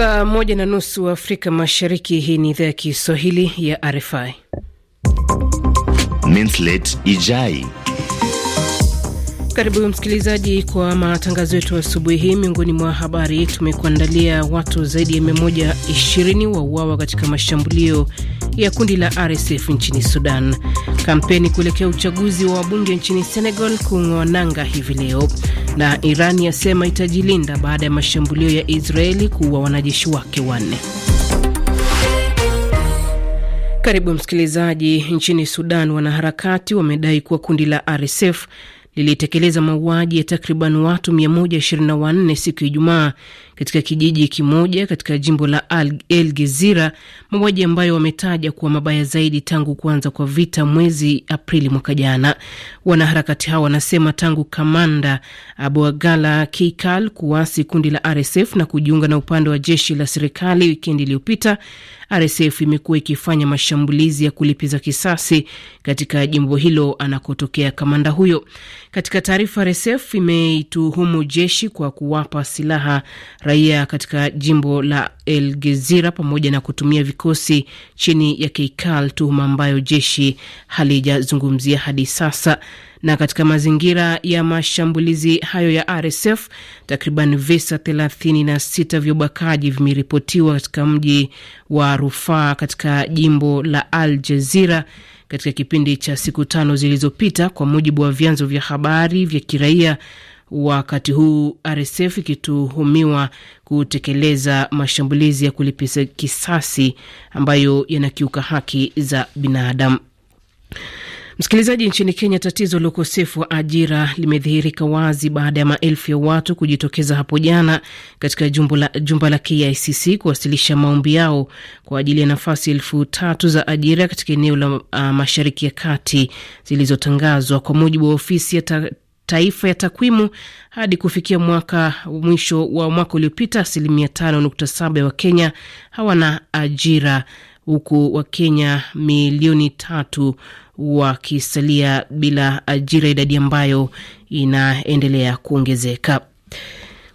Saa moja na nusu Afrika Mashariki. Hii ni idhaa ya Kiswahili ya RFI. Minslet Ijai, karibu msikilizaji kwa matangazo yetu asubuhi hii. Miongoni mwa habari tumekuandalia: watu zaidi ya 120 wauawa katika mashambulio ya kundi la RSF nchini Sudan. Kampeni kuelekea uchaguzi wa wabunge nchini Senegal kung'oa nanga hivi leo na Iran yasema itajilinda baada ya mashambulio ya Israeli kuua wanajeshi wake wanne. Karibu msikilizaji. Nchini Sudan, wanaharakati wamedai kuwa kundi la RSF lilitekeleza mauaji ya takriban watu 124 siku ya Ijumaa katika kijiji kimoja katika jimbo la El Gezira, mauaji ambayo wametaja kuwa mabaya zaidi tangu kuanza kwa vita mwezi Aprili mwaka jana. Wanaharakati hao wanasema tangu kamanda Abuagala Kikal kuasi kundi la RSF na kujiunga na upande wa jeshi la serikali wikendi iliyopita, RSF imekuwa ikifanya mashambulizi ya kulipiza kisasi katika jimbo hilo anakotokea kamanda huyo. Katika taarifa, RSF imeituhumu jeshi kwa kuwapa silaha raia katika jimbo la El Gezira pamoja na kutumia vikosi chini ya Keikal, tuhuma ambayo jeshi halijazungumzia hadi sasa. Na katika mazingira ya mashambulizi hayo ya RSF, takriban visa 36 vya ubakaji vimeripotiwa katika mji wa Rufaa katika jimbo la Al Jazira katika kipindi cha siku tano zilizopita, kwa mujibu wa vyanzo vya habari vya kiraia wakati huu RSF ikituhumiwa kutekeleza mashambulizi ya kulipiza kisasi ambayo yanakiuka haki za binadamu. Msikilizaji, nchini Kenya, tatizo la ukosefu wa ajira limedhihirika wazi baada ya maelfu ya watu kujitokeza hapo jana katika jumba la KICC kuwasilisha maombi yao kwa ajili ya nafasi elfu tatu za ajira katika eneo la uh, mashariki ya kati zilizotangazwa. Kwa mujibu wa ofisi ya taifa ya takwimu hadi kufikia mwaka mwisho wa mwaka uliopita, asilimia saba ya Wakenya hawana ajira huku Wakenya milioni tatu wakisalia bila ajira, idadi ambayo inaendelea kuongezeka.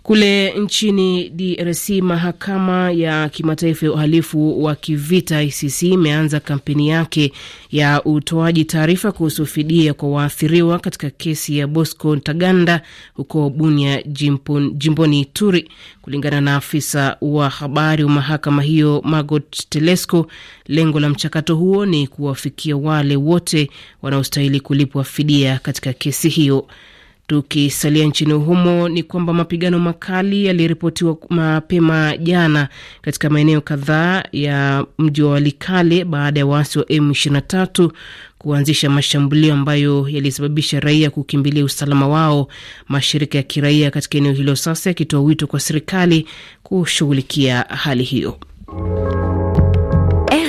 Kule nchini DRC, mahakama ya kimataifa ya uhalifu wa kivita ICC imeanza kampeni yake ya utoaji taarifa kuhusu fidia kwa waathiriwa katika kesi ya Bosco Ntaganda huko Bunia, jimboni Ituri. Kulingana na afisa wa habari wa mahakama hiyo Margot Telesco, lengo la mchakato huo ni kuwafikia wale wote wanaostahili kulipwa fidia katika kesi hiyo. Tukisalia nchini humo ni kwamba mapigano makali yaliripotiwa mapema jana katika maeneo kadhaa ya mji wa Walikale baada ya waasi wa M23 kuanzisha mashambulio ambayo yalisababisha raia kukimbilia usalama wao, mashirika ya kiraia katika eneo hilo sasa yakitoa wito kwa serikali kushughulikia hali hiyo.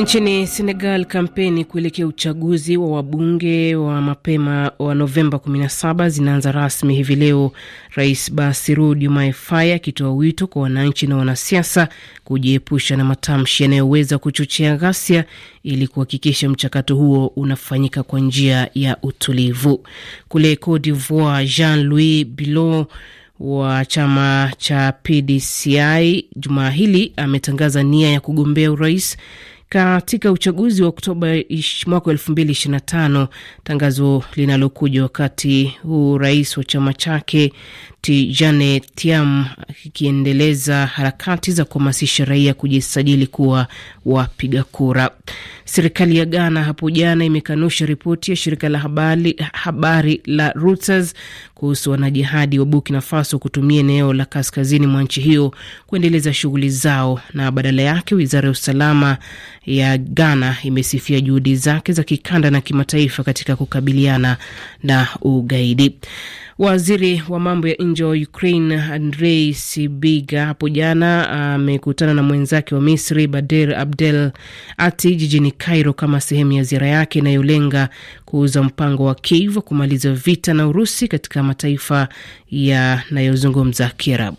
Nchini Senegal, kampeni kuelekea uchaguzi wa wabunge wa mapema wa Novemba 17 zinaanza rasmi hivi leo, Rais Bassirou Diomaye Faye akitoa wito kwa wananchi na wanasiasa kujiepusha na matamshi yanayoweza kuchochea ghasia ili kuhakikisha mchakato huo unafanyika kwa njia ya utulivu. Kule Cote d'Ivoire, Jean-Louis bilo wa chama cha PDCI jumaa hili ametangaza nia ya kugombea urais katika uchaguzi wa Oktoba mwaka elfu mbili ishirini na tano, tangazo linalokuja wakati huu rais wa chama chake Tijane Tiam akiendeleza harakati za kuhamasisha raia kujisajili kuwa wapiga kura. Serikali ya Ghana hapo jana imekanusha ripoti ya shirika la habari, habari la Reuters kuhusu wanajihadi wa Burkina Faso kutumia eneo la kaskazini mwa nchi hiyo kuendeleza shughuli zao, na badala yake wizara ya usalama ya Ghana imesifia juhudi zake za kikanda na kimataifa katika kukabiliana na ugaidi. Waziri wa mambo ya nje wa Ukraine Andrei Sibiga hapo jana amekutana na mwenzake wa Misri Badir Abdel Ati jijini Cairo kama sehemu ya ziara yake inayolenga kuuza mpango wa Kiev kumaliza vita na Urusi katika mataifa yanayozungumza Kiarabu.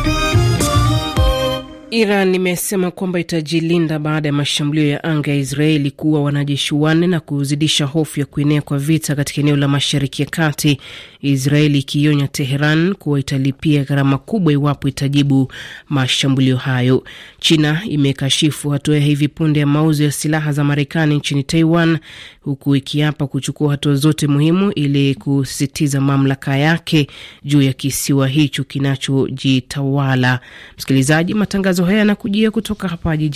Iran imesema kwamba itajilinda baada ya mashambulio ya anga ya Israeli kuwa wanajeshi wanne na kuzidisha hofu ya kuenea kwa vita katika eneo la Mashariki ya Kati, Israeli ikionya Teheran kuwa italipia gharama kubwa iwapo itajibu mashambulio hayo. China imekashifu hatua ya hivi punde ya mauzo ya silaha za Marekani nchini Taiwan, huku ikiapa kuchukua hatua zote muhimu ili kusisitiza mamlaka yake juu ya kisiwa hicho kinachojitawala. Msikilizaji, matangazo matangazo haya yanakujia kutoka hapa jijini